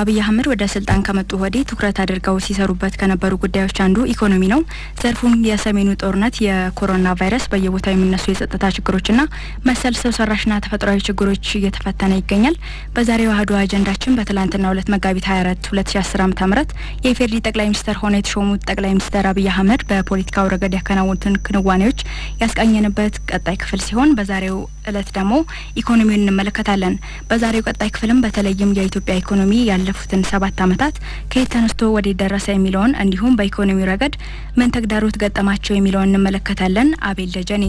አብይ አህመድ ወደ ስልጣን ከመጡ ወዲህ ትኩረት አድርገው ሲሰሩበት ከነበሩ ጉዳዮች አንዱ ኢኮኖሚ ነው። ዘርፉም የሰሜኑ ጦርነት፣ የኮሮና ቫይረስ፣ በየቦታው የሚነሱ የጸጥታ ችግሮችና መሰል ሰው ሰራሽና ተፈጥሯዊ ችግሮች እየተፈተነ ይገኛል። በዛሬው አህዱ አጀንዳችን በትላንትና ሁለት መጋቢት 24 2010 ዓ.ም የኢፌዴሪ ጠቅላይ ሚኒስተር ሆነ የተሾሙት ጠቅላይ ሚኒስትር አብይ አህመድ በፖለቲካው ረገድ ያከናወኑትን ክንዋኔዎች ያስቃኘንበት ቀጣይ ክፍል ሲሆን በዛሬው እለት ደግሞ ኢኮኖሚውን እንመለከታለን። በዛሬው ቀጣይ ክፍልም በተለይም የኢትዮጵያ ኢኮኖሚ ያለ ያለፉትን ሰባት ዓመታት ከየት ተነስቶ ወዴት ደረሰ የሚለውን እንዲሁም በኢኮኖሚው ረገድ ምን ተግዳሮት ገጠማቸው የሚለውን እንመለከታለን። አቤል ደጀኔ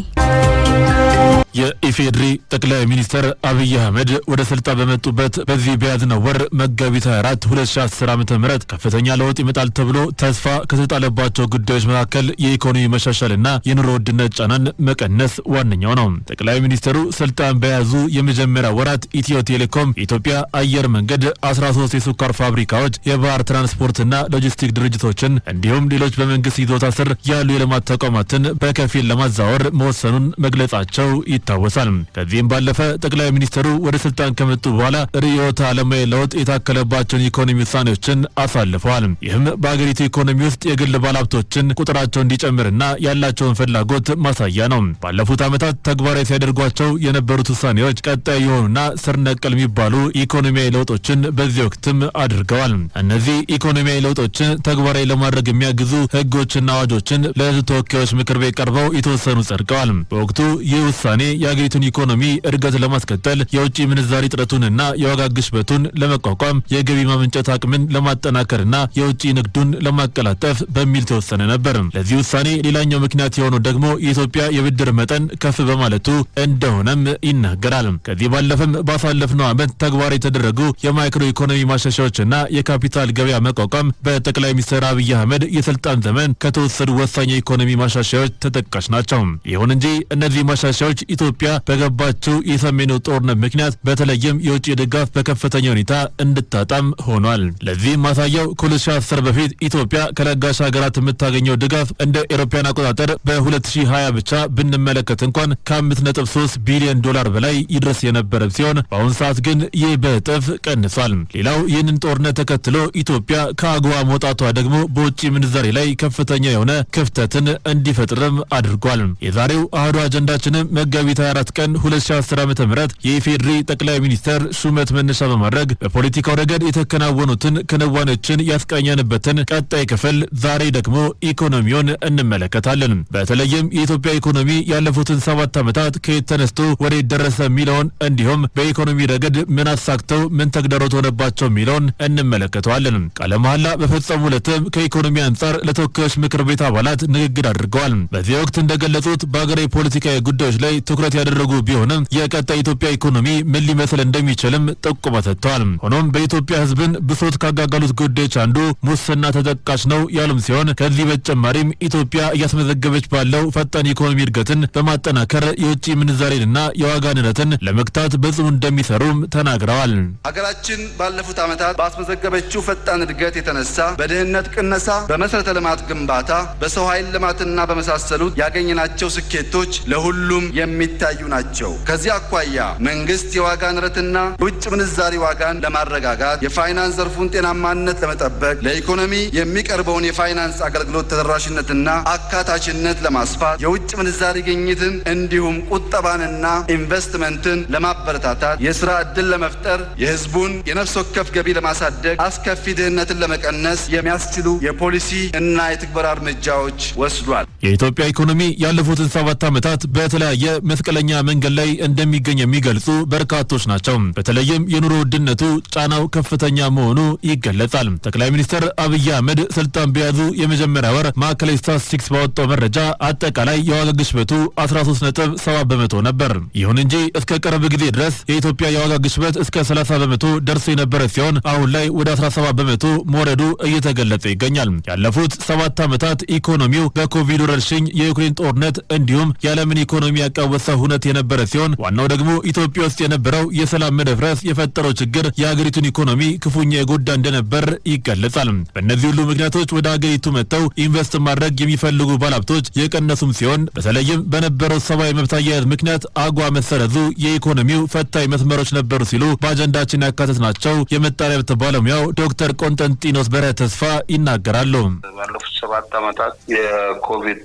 የኢፌዴሪ ጠቅላይ ሚኒስትር አብይ አህመድ ወደ ስልጣን በመጡበት በዚህ በያዝነው ወር መጋቢት 24 2010 ዓ ም ከፍተኛ ለውጥ ይመጣል ተብሎ ተስፋ ከተጣለባቸው ጉዳዮች መካከል የኢኮኖሚ መሻሻልና የኑሮ ውድነት ጫናን መቀነስ ዋነኛው ነው። ጠቅላይ ሚኒስትሩ ስልጣን በያዙ የመጀመሪያ ወራት ኢትዮ ቴሌኮም፣ የኢትዮጵያ አየር መንገድ፣ 13 የስኳር ፋብሪካዎች፣ የባህር ትራንስፖርትና ሎጂስቲክ ድርጅቶችን እንዲሁም ሌሎች በመንግስት ይዞታ ስር ያሉ የልማት ተቋማትን በከፊል ለማዛወር መወሰኑን መግለጻቸው ይታወሳል። ከዚህም ባለፈ ጠቅላይ ሚኒስትሩ ወደ ስልጣን ከመጡ በኋላ ርዕዮተ ዓለማዊ ለውጥ የታከለባቸውን ኢኮኖሚ ውሳኔዎችን አሳልፈዋል። ይህም በአገሪቱ ኢኮኖሚ ውስጥ የግል ባለሀብቶችን ቁጥራቸው እንዲጨምርና ያላቸውን ፍላጎት ማሳያ ነው። ባለፉት ዓመታት ተግባራዊ ሲያደርጓቸው የነበሩት ውሳኔዎች ቀጣይ የሆኑና ስር ነቀል የሚባሉ ኢኮኖሚያዊ ለውጦችን በዚህ ወቅትም አድርገዋል። እነዚህ ኢኮኖሚያዊ ለውጦችን ተግባራዊ ለማድረግ የሚያግዙ ህጎችና አዋጆችን ለህዝብ ተወካዮች ምክር ቤት ቀርበው የተወሰኑ ጸድቀዋል። በወቅቱ ይህ ውሳኔ የአገሪቱን ኢኮኖሚ እድገት ለማስቀጠል የውጭ ምንዛሪ ጥረቱንና የዋጋ ግሽበቱን ለመቋቋም የገቢ ማመንጨት አቅምን ለማጠናከርና የውጭ ንግዱን ለማቀላጠፍ በሚል ተወሰነ ነበር። ለዚህ ውሳኔ ሌላኛው ምክንያት የሆነው ደግሞ የኢትዮጵያ የብድር መጠን ከፍ በማለቱ እንደሆነም ይናገራል። ከዚህ ባለፈም ባሳለፍነው ዓመት ተግባር የተደረጉ የማይክሮ ኢኮኖሚ ማሻሻያዎችና የካፒታል ገበያ መቋቋም በጠቅላይ ሚኒስትር አብይ አህመድ የስልጣን ዘመን ከተወሰዱ ወሳኝ የኢኮኖሚ ማሻሻያዎች ተጠቃሽ ናቸው። ይሁን እንጂ እነዚህ ማሻሻያዎች ኢትዮጵያ በገባችው የሰሜኑ ጦርነት ምክንያት በተለይም የውጭ ድጋፍ በከፍተኛ ሁኔታ እንድታጣም ሆኗል። ለዚህ ማሳያው ከ2010 በፊት ኢትዮጵያ ከለጋሽ ሀገራት የምታገኘው ድጋፍ እንደ ኤሮፓያን አቆጣጠር በ2020 ብቻ ብንመለከት እንኳን ከ5.3 ቢሊዮን ዶላር በላይ ይድረስ የነበረ ሲሆን በአሁኑ ሰዓት ግን ይህ በእጥፍ ቀንሷል። ሌላው ይህንን ጦርነት ተከትሎ ኢትዮጵያ ከአጎዋ መውጣቷ ደግሞ በውጭ ምንዛሬ ላይ ከፍተኛ የሆነ ክፍተትን እንዲፈጥርም አድርጓል። የዛሬው አህዶ አጀንዳችንም መጋቢ መጋቢት 24 ቀን 2010 ም የኢፌዴሪ ጠቅላይ ሚኒስተር ሹመት መነሻ በማድረግ በፖለቲካው ረገድ የተከናወኑትን ክንዋኔዎችን ያስቃኘንበትን ቀጣይ ክፍል ዛሬ ደግሞ ኢኮኖሚውን እንመለከታለን። በተለይም የኢትዮጵያ ኢኮኖሚ ያለፉትን ሰባት ዓመታት ከየት ተነስቶ ወዴት ደረሰ የሚለውን እንዲሁም በኢኮኖሚ ረገድ ምን አሳክተው ምን ተግዳሮት ሆነባቸው የሚለውን እንመለከተዋለን። ቃለ መሐላ በፈጸሙ ዕለትም ከኢኮኖሚ አንጻር ለተወካዮች ምክር ቤት አባላት ንግግር አድርገዋል። በዚህ ወቅት እንደገለጹት በሀገራዊ ፖለቲካዊ ጉዳዮች ላይ ትኩረት ያደረጉ ቢሆንም የቀጣይ የኢትዮጵያ ኢኮኖሚ ምን ሊመስል እንደሚችልም ጥቆማ ሰጥተዋል። ሆኖም በኢትዮጵያ ህዝብን ብሶት ካጋጋሉት ጉዳዮች አንዱ ሙስና ተጠቃሽ ነው ያሉም ሲሆን ከዚህ በተጨማሪም ኢትዮጵያ እያስመዘገበች ባለው ፈጣን የኢኮኖሚ እድገትን በማጠናከር የውጭ ምንዛሬንና የዋጋ ንረትን ለመግታት በጽኑ እንደሚሰሩም ተናግረዋል። ሀገራችን ባለፉት ዓመታት ባስመዘገበችው ፈጣን እድገት የተነሳ በድህነት ቅነሳ፣ በመሰረተ ልማት ግንባታ፣ በሰው ኃይል ልማትና በመሳሰሉት ያገኘናቸው ስኬቶች ለሁሉም የሚ የሚታዩ ናቸው። ከዚህ አኳያ መንግስት የዋጋ ንረትና የውጭ ምንዛሪ ዋጋን ለማረጋጋት የፋይናንስ ዘርፉን ጤናማነት ለመጠበቅ ለኢኮኖሚ የሚቀርበውን የፋይናንስ አገልግሎት ተደራሽነትና አካታችነት ለማስፋት የውጭ ምንዛሪ ግኝትን እንዲሁም ቁጠባንና ኢንቨስትመንትን ለማበረታታት የስራ ዕድል ለመፍጠር የህዝቡን የነፍስ ወከፍ ገቢ ለማሳደግ አስከፊ ድህነትን ለመቀነስ የሚያስችሉ የፖሊሲ እና የትግበራ እርምጃዎች ወስዷል። የኢትዮጵያ ኢኮኖሚ ያለፉትን ሰባት ዓመታት በተለያየ መስቀለኛ መንገድ ላይ እንደሚገኝ የሚገልጹ በርካቶች ናቸው። በተለይም የኑሮ ውድነቱ ጫናው ከፍተኛ መሆኑ ይገለጻል። ጠቅላይ ሚኒስትር አብይ አህመድ ስልጣን በያዙ የመጀመሪያ ወር ማዕከላዊ ስታትስቲክስ ባወጣው መረጃ አጠቃላይ የዋጋ ግሽበቱ 137 በመቶ ነበር። ይሁን እንጂ እስከ ቅርብ ጊዜ ድረስ የኢትዮጵያ የዋጋ ግሽበት እስከ 30 በመቶ ደርሶ የነበረ ሲሆን አሁን ላይ ወደ 17 በመቶ መውረዱ እየተገለጸ ይገኛል። ያለፉት ሰባት ዓመታት ኢኮኖሚው በኮቪድ ወረርሽኝ፣ የዩክሬን ጦርነት እንዲሁም የዓለምን ኢኮኖሚ ያቃወ የተነሳ ሁነት የነበረ ሲሆን ዋናው ደግሞ ኢትዮጵያ ውስጥ የነበረው የሰላም መደፍረስ የፈጠረው ችግር የሀገሪቱን ኢኮኖሚ ክፉኛ የጎዳ እንደነበር ይገለጻል። በእነዚህ ሁሉ ምክንያቶች ወደ ሀገሪቱ መጥተው ኢንቨስት ማድረግ የሚፈልጉ ባለሀብቶች የቀነሱም ሲሆን በተለይም በነበረው ሰብአዊ መብት አያያዝ ምክንያት አጓ መሰረዙ የኢኮኖሚው ፈታኝ መስመሮች ነበሩ ሲሉ በአጀንዳችን ያካተት ናቸው የምጣኔ ሀብት ባለሙያው ዶክተር ቆንጠንጢኖስ በረ ተስፋ ይናገራሉ። ባለፉት ሰባት ዓመታት የኮቪድ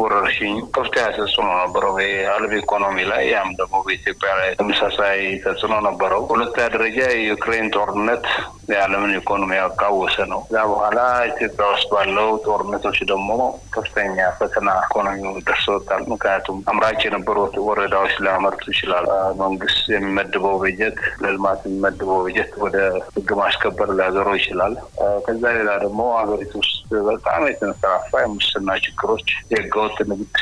ወረርሽኝ ከፍታ ተጽዕኖ ነበረው በዓለም ኢኮኖሚ ላይ ያም ደግሞ በኢትዮጵያ ላይ ተመሳሳይ ተጽዕኖ ነበረው። ሁለተኛ ደረጃ የዩክሬን ጦርነት የዓለምን ኢኮኖሚ ያቃወሰ ነው። ከዛ በኋላ ኢትዮጵያ ውስጥ ባለው ጦርነቶች ደግሞ ከፍተኛ ፈተና ኢኮኖሚ ደርሶታል። ምክንያቱም አምራች የነበሩ ወረዳዎች ሊያመርቱ ይችላል። መንግስት የሚመድበው በጀት ለልማት የሚመድበው በጀት ወደ ህግ ማስከበር ሊያዞረው ይችላል። ከዛ ሌላ ደግሞ ሀገሪቱ ውስጥ በጣም የተንሰራፋ የሙስና ችግሮች፣ የህገወጥ ንግድ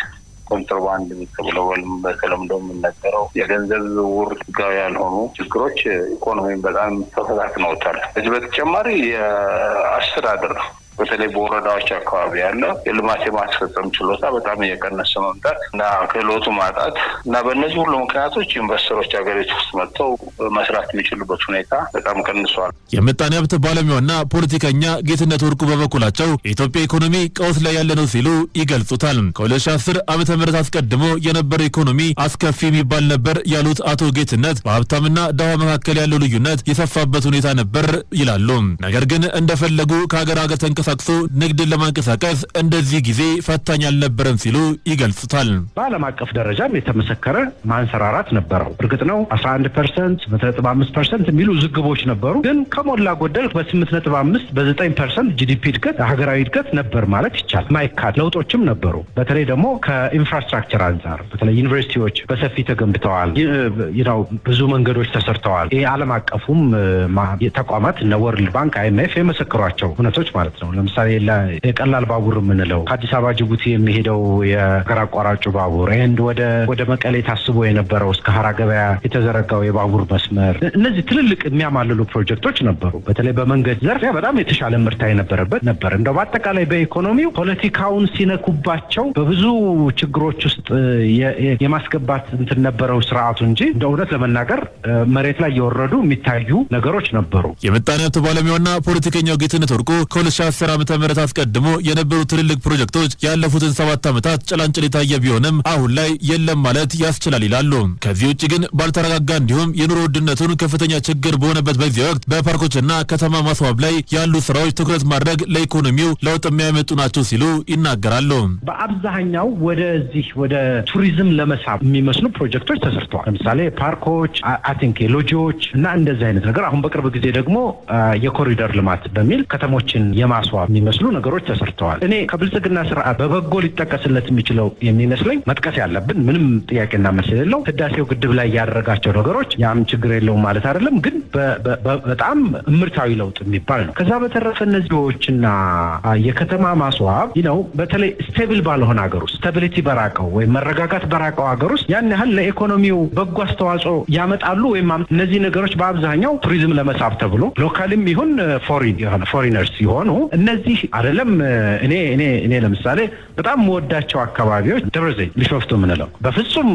ኮንትሮባንድ ተብሎ በተለምዶ የምነገረው የገንዘብ ዝውውር ህጋዊ ያልሆኑ ችግሮች ኢኮኖሚን በጣም ተፈታትነውታል። እዚህ በተጨማሪ የአስተዳደር በተለይ በወረዳዎች አካባቢ ያለው የልማት የማስፈጸም ችሎታ በጣም እየቀነሰ መምጣት እና ክህሎቱ ማጣት እና በእነዚህ ሁሉ ምክንያቶች ኢንቨስተሮች ሀገሪቱ ውስጥ መጥተው መስራት የሚችሉበት ሁኔታ በጣም ቀንሷል። የምጣኔ ሀብት ባለሙያና ፖለቲከኛ ጌትነት ወርቁ በበኩላቸው የኢትዮጵያ ኢኮኖሚ ቀውስ ላይ ያለ ነው ሲሉ ይገልጹታል። ከ2010 ዓመተ ምህረት አስቀድሞ የነበረው ኢኮኖሚ አስከፊ የሚባል ነበር ያሉት አቶ ጌትነት በሀብታምና ድሃ መካከል ያለው ልዩነት የሰፋበት ሁኔታ ነበር ይላሉ። ነገር ግን እንደፈለጉ ከሀገር ሀገር ተንቀሳ ተንቀሳቅሶ ንግድን ለማንቀሳቀስ እንደዚህ ጊዜ ፈታኝ አልነበረም ሲሉ ይገልጹታል። በዓለም አቀፍ ደረጃም የተመሰከረ ማንሰራራት ነበረው። እርግጥ ነው 11 ፐርሰንት፣ 9.5 ፐርሰንት የሚሉ ዝግቦች ነበሩ። ግን ከሞላ ጎደል በ 5 በ9 ፐርሰንት ጂዲፒ እድገት ሀገራዊ እድገት ነበር ማለት ይቻላል። ማይካድ ለውጦችም ነበሩ። በተለይ ደግሞ ከኢንፍራስትራክቸር አንጻር በተለይ ዩኒቨርሲቲዎች በሰፊ ተገንብተዋል። ነው ብዙ መንገዶች ተሰርተዋል። ይህ አቀፉም ተቋማት እነ ወርልድ ባንክ፣ አይምኤፍ የመሰክሯቸው እውነቶች ማለት ነው። ለምሳሌ የቀላል ባቡር የምንለው ከአዲስ አበባ ጅቡቲ የሚሄደው የሀገር አቋራጩ ባቡር ንድ ወደ መቀሌ ታስቦ የነበረው እስከ ሀራ ገበያ የተዘረጋው የባቡር መስመር፣ እነዚህ ትልልቅ የሚያማልሉ ፕሮጀክቶች ነበሩ። በተለይ በመንገድ ዘርፍ በጣም የተሻለ ምርታ የነበረበት ነበር። እንደው በአጠቃላይ በኢኮኖሚው ፖለቲካውን ሲነኩባቸው በብዙ ችግሮች ውስጥ የማስገባት እንትን ነበረው ስርዓቱ እንጂ እንደ እውነት ለመናገር መሬት ላይ እየወረዱ የሚታዩ ነገሮች ነበሩ። የምጣኔ ሀብት ባለሙያና ፖለቲከኛው ጌትነት ወርቆ ከ2010 አስር ዓመተ ምህረት አስቀድሞ የነበሩ ትልልቅ ፕሮጀክቶች ያለፉትን ሰባት ዓመታት ጭላንጭል የታየ ቢሆንም አሁን ላይ የለም ማለት ያስችላል ይላሉ። ከዚህ ውጭ ግን ባልተረጋጋ እንዲሁም የኑሮ ውድነቱን ከፍተኛ ችግር በሆነበት በዚህ ወቅት በፓርኮችና ከተማ ማስዋብ ላይ ያሉ ስራዎች ትኩረት ማድረግ ለኢኮኖሚው ለውጥ የሚያመጡ ናቸው ሲሉ ይናገራሉ። በአብዛኛው ወደዚህ ወደ ቱሪዝም ለመሳብ የሚመስሉ ፕሮጀክቶች ተሰርተዋል። ለምሳሌ ፓርኮች፣ አቲንክ ሎጂዎች እና እንደዚህ አይነት ነገር አሁን በቅርብ ጊዜ ደግሞ የኮሪደር ልማት በሚል ከተሞችን የማስ ማስዋብ የሚመስሉ ነገሮች ተሰርተዋል። እኔ ከብልጽግና ስርዓት በበጎ ሊጠቀስለት የሚችለው የሚመስለኝ መጥቀስ ያለብን ምንም ጥያቄና መስል የለው ህዳሴው ግድብ ላይ ያደረጋቸው ነገሮች ያም ችግር የለውም ማለት አይደለም፣ ግን በጣም እምርታዊ ለውጥ የሚባል ነው። ከዛ በተረፈ እነዚህዎችና የከተማ ማስዋብ ነው። በተለይ ስቴብል ባልሆነ ሀገር ውስጥ ስታቢሊቲ በራቀው ወይም መረጋጋት በራቀው ሀገር ውስጥ ያን ያህል ለኢኮኖሚው በጎ አስተዋጽኦ ያመጣሉ ወይም እነዚህ ነገሮች በአብዛኛው ቱሪዝም ለመሳብ ተብሎ ሎካልም ይሁን ፎሪን ፎሪነርስ ሲሆኑ እነዚህ አይደለም እኔ እኔ እኔ ለምሳሌ በጣም መወዳቸው አካባቢዎች ደብረ ዘይት፣ ቢሾፍቱ የምንለው በፍጹም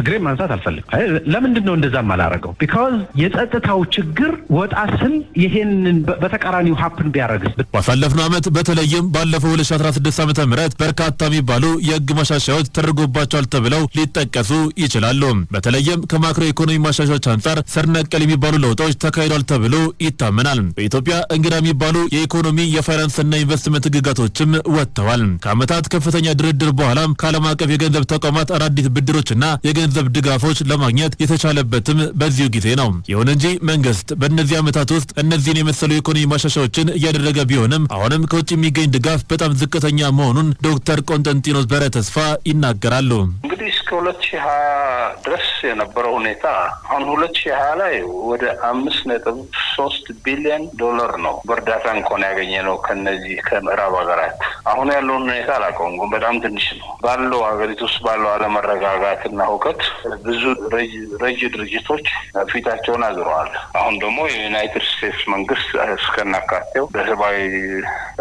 እግሬ ማንሳት አልፈልግ። ለምንድን ነው እንደዛም አላረገው? ቢካዝ የጸጥታው ችግር ወጣ ስል ይሄንን በተቃራኒው ሀፕን ቢያደረግስ? ባሳለፍነው ዓመት በተለይም ባለፈው 2016 ዓ ም በርካታ የሚባሉ የህግ ማሻሻያዎች ተደርጎባቸዋል ተብለው ሊጠቀሱ ይችላሉ። በተለይም ከማክሮ ኢኮኖሚ ማሻሻያዎች አንጻር ስርነቀል የሚባሉ ለውጦች ተካሂዷል ተብሎ ይታመናል። በኢትዮጵያ እንግዳ የሚባሉ የኢኮኖሚ የፋይናንስ የፋይናንስና ኢንቨስትመንት ህግጋቶችም ወጥተዋል። ከዓመታት ከፍተኛ ድርድር በኋላ ከዓለም አቀፍ የገንዘብ ተቋማት አዳዲስ ብድሮችና የገንዘብ ድጋፎች ለማግኘት የተቻለበትም በዚሁ ጊዜ ነው። ይሁን እንጂ መንግስት በእነዚህ ዓመታት ውስጥ እነዚህን የመሰሉ የኢኮኖሚ ማሻሻዎችን እያደረገ ቢሆንም አሁንም ከውጭ የሚገኝ ድጋፍ በጣም ዝቅተኛ መሆኑን ዶክተር ቆንጠንጢኖስ በረ ተስፋ ይናገራሉ። እንግዲህ ሁለት ሺህ ሀያ ድረስ የነበረው ሁኔታ አሁን ሁለት ሺህ ሀያ ላይ ወደ አምስት ነጥብ ሶስት ቢሊዮን ዶላር ነው በእርዳታ እንኳን ያገኘ ነው ከነዚህ ከምዕራብ ሀገራት። አሁን ያለውን ሁኔታ አላውቀውም፣ ግን በጣም ትንሽ ነው። ባለው ሀገሪቱ ውስጥ ባለው አለመረጋጋትና ሁከት ብዙ ረጅ ድርጅቶች ፊታቸውን አዝረዋል። አሁን ደግሞ የዩናይትድ ስቴትስ መንግስት እስከናካቴው በሰብአዊ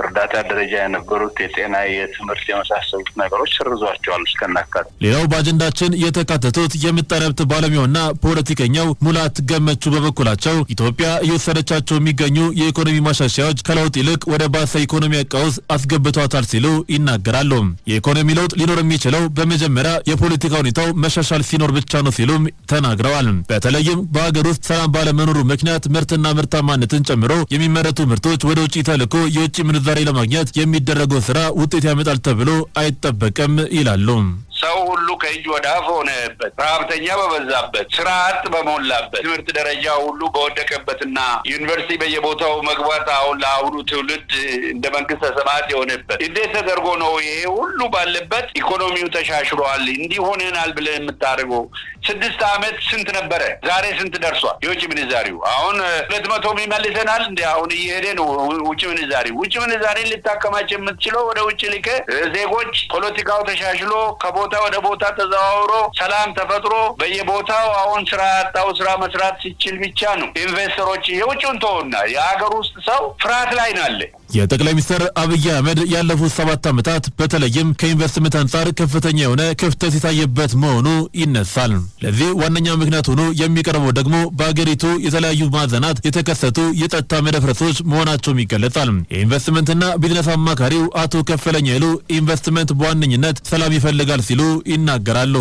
እርዳታ ደረጃ የነበሩት የጤና፣ የትምህርት የመሳሰሉት ነገሮች ሰርዟቸዋል እስከናካቴው ሌላው በአጀንዳ ባለሙያዎችን የተካተቱት የምጣኔ ሀብት ባለሙያውና ፖለቲከኛው ሙላት ገመቹ በበኩላቸው ኢትዮጵያ እየወሰደቻቸው የሚገኙ የኢኮኖሚ ማሻሻያዎች ከለውጥ ይልቅ ወደ ባሰ ኢኮኖሚ ቀውስ አስገብቷታል ሲሉ ይናገራሉ። የኢኮኖሚ ለውጥ ሊኖር የሚችለው በመጀመሪያ የፖለቲካ ሁኔታው መሻሻል ሲኖር ብቻ ነው ሲሉም ተናግረዋል። በተለይም በሀገር ውስጥ ሰላም ባለመኖሩ ምክንያት ምርትና ምርታማነትን ጨምሮ የሚመረቱ ምርቶች ወደ ውጭ ተልኮ የውጭ ምንዛሬ ለማግኘት የሚደረገው ስራ ውጤት ያመጣል ተብሎ አይጠበቅም ይላሉ። ሰው ሁሉ ከእጅ ወደ አፍ ሆነበት፣ ረሀብተኛ በበዛበት፣ ስራ አጥ በሞላበት፣ ትምህርት ደረጃ ሁሉ በወደቀበትና ዩኒቨርሲቲ በየቦታው መግባት አሁን ለአሁኑ ትውልድ እንደ መንግስት ተሰማት የሆነበት እንዴት ተደርጎ ነው ይሄ ሁሉ ባለበት ኢኮኖሚው ተሻሽሏል እንዲህ ሆነናል ብለን የምታደርገው ስድስት ዓመት ስንት ነበረ? ዛሬ ስንት ደርሷል? የውጭ ምንዛሪው አሁን ሁለት መቶ ይመልሰናል። እንዲ አሁን እየሄደ ነው ውጭ ምንዛሪ። ውጭ ምንዛሪ ልታከማች የምትችለው ወደ ውጭ ልከ ዜጎች ፖለቲካው ተሻሽሎ ከቦታ ወደ ቦታ ተዘዋውሮ ሰላም ተፈጥሮ በየቦታው አሁን ስራ ያጣው ስራ መስራት ሲችል ብቻ ነው። ኢንቨስተሮች የውጭውን ተሆና የሀገር ውስጥ ሰው ፍርሃት ላይ ናለ። የጠቅላይ ሚኒስትር አብይ አህመድ ያለፉት ሰባት ዓመታት በተለይም ከኢንቨስትመንት አንጻር ከፍተኛ የሆነ ክፍተት የታየበት መሆኑ ይነሳል። ለዚህ ዋነኛ ምክንያት ሆኖ የሚቀርበው ደግሞ በአገሪቱ የተለያዩ ማዕዘናት የተከሰቱ የጸጥታ መደፍረሶች መሆናቸውም ይገለጻል። የኢንቨስትመንትና ቢዝነስ አማካሪው አቶ ከፈለኛ ይሉ ኢንቨስትመንት በዋነኝነት ሰላም ይፈልጋል ሲሉ ይናገራሉ።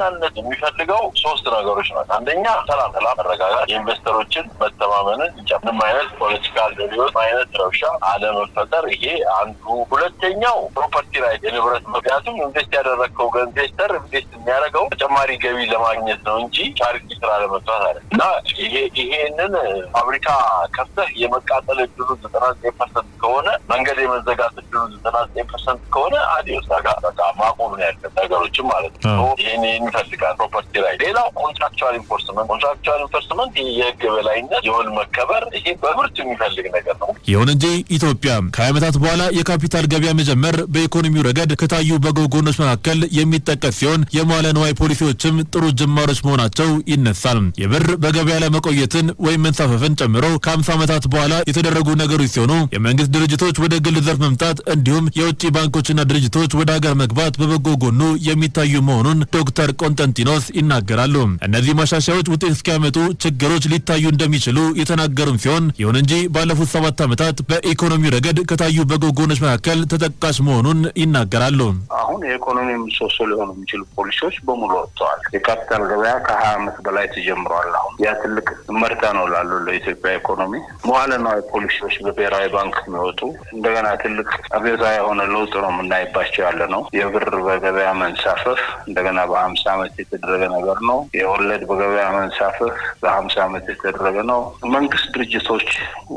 በዋናነት የሚፈልገው ሶስት ነገሮች ናት። አንደኛ ሰላም፣ ሰላም፣ መረጋጋት፣ የኢንቨስተሮችን መተማመንን ይጫ ምንም አይነት ፖለቲካል ሊሆን አይነት ረብሻ አለመፈጠር፣ ይሄ አንዱ። ሁለተኛው ፕሮፐርቲ ራይት የንብረት ምክንያቱም ኢንቨስት ያደረግከው ኢንቨስተር ኢንቨስት የሚያደርገው ተጨማሪ ገቢ ለማግኘት ነው እንጂ ቻሪቲ ስራ ለመስራት አለ እና ይሄ ይሄንን ፋብሪካ ከፍተህ የመቃጠል እድሉ ዘጠና ዘጠኝ ፐርሰንት ከሆነ መንገድ የመዘጋት እድሉ ዘጠና ዘጠኝ ፐርሰንት ከሆነ አዲስ ጋር በቃ ማቆም ነው ያለ ነገሮችም ማለት ነው። ይህን ይፈልጋል ፕሮፐርቲ ላይ። ሌላው ኮንትራክቹዋል ኢንፎርስመንት፣ ኮንትራክቹዋል ኢንፎርስመንት የህግ በላይነት የውል መከበር፣ ይሄ በምርት የሚፈልግ ነገር ነው። ይሁን እንጂ ኢትዮጵያ ከዓመታት በኋላ የካፒታል ገበያ መጀመር በኢኮኖሚው ረገድ ከታዩ በጎ ጎኖች መካከል የሚጠቀስ ሲሆን የመዋለ ንዋይ ፖሊሲዎችም ጥሩ ጅማሮች መሆናቸው ይነሳል። የብር በገበያ ላይ መቆየትን ወይም መንሳፈፍን ጨምሮ ከአምሳ ዓመታት በኋላ የተደረጉ ነገሮች ሲሆኑ የመንግስት ድርጅቶች ወደ ግል ዘርፍ መምጣት እንዲሁም የውጭ ባንኮችና ድርጅቶች ወደ ሀገር መግባት በበጎ ጎኑ የሚታዩ መሆኑን ዶክተር ቆንጠንጢኖስ ይናገራሉ። እነዚህ ማሻሻያዎች ውጤት እስኪያመጡ ችግሮች ሊታዩ እንደሚችሉ የተናገሩም ሲሆን ይሁን እንጂ ባለፉት ሰባት ዓመታት በኢኮኖሚ ረገድ ከታዩ በጎ ጎኖች መካከል ተጠቃሽ መሆኑን ይናገራሉ። አሁን የኢኮኖሚ ምሰሶ ሊሆኑ የሚችሉ ፖሊሲዎች በሙሉ ወጥተዋል። የካፒታል ገበያ ከሀያ አመት በላይ ተጀምሯል። አሁን ያ ትልቅ መርታ ነው ላሉ ለኢትዮጵያ ኢኮኖሚ መዋለ ንዋይ ፖሊሲዎች በብሔራዊ ባንክ የሚወጡ እንደገና ትልቅ አብዮታዊ የሆነ ለውጥ ነው የምናይባቸው ያለ ነው። የብር በገበያ መንሳፈፍ እንደገና በአምስ በአምሳ ዓመት የተደረገ ነገር ነው። የወለድ በገበያ መንሳፈፍ በሀምሳ ዓመት የተደረገ ነው። መንግስት ድርጅቶች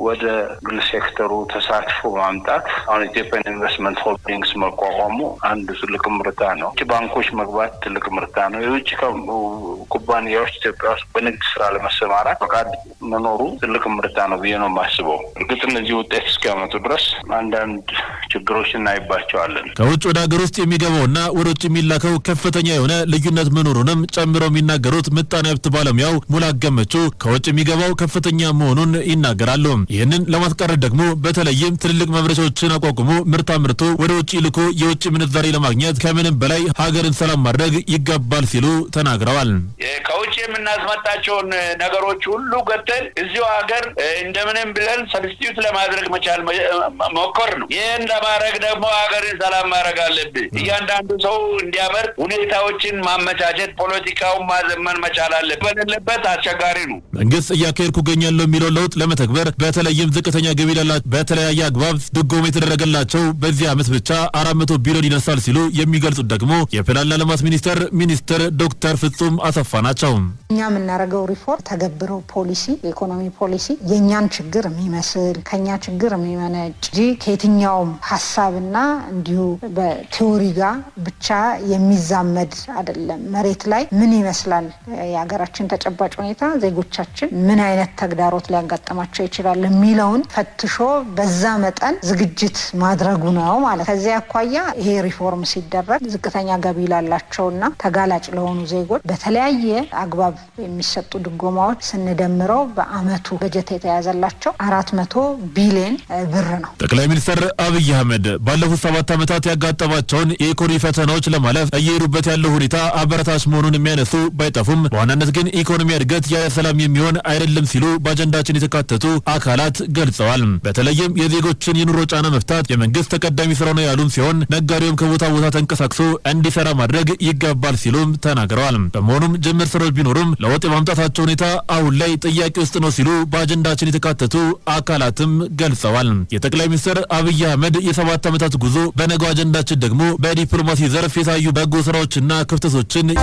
ወደ ግል ሴክተሩ ተሳትፎ ማምጣት አሁን ኢትዮጵያን ኢንቨስትመንት ሆልዲንግስ መቋቋሙ አንዱ ትልቅ ምርታ ነው። ውጭ ባንኮች መግባት ትልቅ ምርታ ነው። የውጭ ኩባንያዎች ኢትዮጵያ ውስጥ በንግድ ስራ ለመሰማራት ፈቃድ መኖሩ ትልቅ ምርታ ነው ብዬ ነው የማስበው። እርግጥ እነዚህ ውጤት እስኪያመጡ ድረስ አንዳንድ ችግሮች እናይባቸዋለን። ከውጭ ወደ ሀገር ውስጥ የሚገባው እና ወደ ውጭ የሚላከው ከፍተኛ የሆነ ልዩነት ልዩነት መኖሩንም ጨምረው የሚናገሩት ምጣኔ ሀብት ባለሙያው ሙላ ገመቹ ከውጭ የሚገባው ከፍተኛ መሆኑን ይናገራሉ። ይህንን ለማስቀረት ደግሞ በተለይም ትልልቅ መምረቻዎችን አቋቁሞ ምርት አምርቶ ወደ ውጭ ይልኮ የውጭ ምንዛሬ ለማግኘት ከምንም በላይ ሀገርን ሰላም ማድረግ ይገባል ሲሉ ተናግረዋል። የምናስመጣቸውን eh, ነገሮች ሁሉ ገተን እዚሁ ሀገር eh, እንደምንም ብለን ሰብስቲዩት ለማድረግ መቻል ሞከር ነው። ይህን ለማድረግ ደግሞ ሀገርን ሰላም ማድረግ አለብህ። እያንዳንዱ ሰው እንዲያመርት ሁኔታዎችን ማመቻቸት፣ ፖለቲካውን ማዘመን መቻል አለብህ። በሌለበት አስቸጋሪ ነው። መንግስት እያካሄድኩ እገኛለሁ የሚለው ለውጥ ለመተግበር በተለይም ዝቅተኛ ገቢ ላላቸው በተለያየ አግባብ ድጎም የተደረገላቸው በዚህ አመት ብቻ አራት መቶ ቢሊዮን ይደርሳል ሲሉ የሚገልጹት ደግሞ የፕላንና ልማት ሚኒስቴር ሚኒስትር ዶክተር ፍጹም አሰፋ ናቸው። እኛ የምናደርገው ሪፎርም ተገብሮ ፖሊሲ፣ የኢኮኖሚ ፖሊሲ የእኛን ችግር የሚመስል ከኛ ችግር የሚመነጭ እ ከየትኛውም ሀሳብና እንዲሁ በቴዎሪ ጋር ብቻ የሚዛመድ አይደለም። መሬት ላይ ምን ይመስላል የሀገራችን ተጨባጭ ሁኔታ፣ ዜጎቻችን ምን አይነት ተግዳሮት ሊያጋጥማቸው ይችላል የሚለውን ፈትሾ በዛ መጠን ዝግጅት ማድረጉ ነው ማለት። ከዚያ አኳያ ይሄ ሪፎርም ሲደረግ ዝቅተኛ ገቢ ላላቸውና ተጋላጭ ለሆኑ ዜጎች በተለያየ አግባ አግባብ የሚሰጡ ድጎማዎች ስንደምረው በአመቱ በጀት የተያዘላቸው አራት መቶ ቢሊዮን ብር ነው። ጠቅላይ ሚኒስትር አብይ አህመድ ባለፉት ሰባት ዓመታት ያጋጠማቸውን የኢኮኖሚ ፈተናዎች ለማለፍ እየሄዱበት ያለው ሁኔታ አበረታች መሆኑን የሚያነሱ ባይጠፉም በዋናነት ግን ኢኮኖሚ እድገት ያለ ሰላም የሚሆን አይደለም ሲሉ በአጀንዳችን የተካተቱ አካላት ገልጸዋል። በተለይም የዜጎችን የኑሮ ጫና መፍታት የመንግስት ተቀዳሚ ስራ ነው ያሉም ሲሆን ነጋዴውም ከቦታ ቦታ ተንቀሳቅሶ እንዲሰራ ማድረግ ይገባል ሲሉም ተናግረዋል። በመሆኑም ጅምር ስራዎች ቢኖሩ ቢኖሩም ለውጥ የማምጣታቸው ሁኔታ አሁን ላይ ጥያቄ ውስጥ ነው ሲሉ በአጀንዳችን የተካተቱ አካላትም ገልጸዋል። የጠቅላይ ሚኒስትር አብይ አህመድ የሰባት ዓመታት ጉዞ በነገው አጀንዳችን ደግሞ በዲፕሎማሲ ዘርፍ የታዩ በጎ ስራዎችና ክፍተቶችን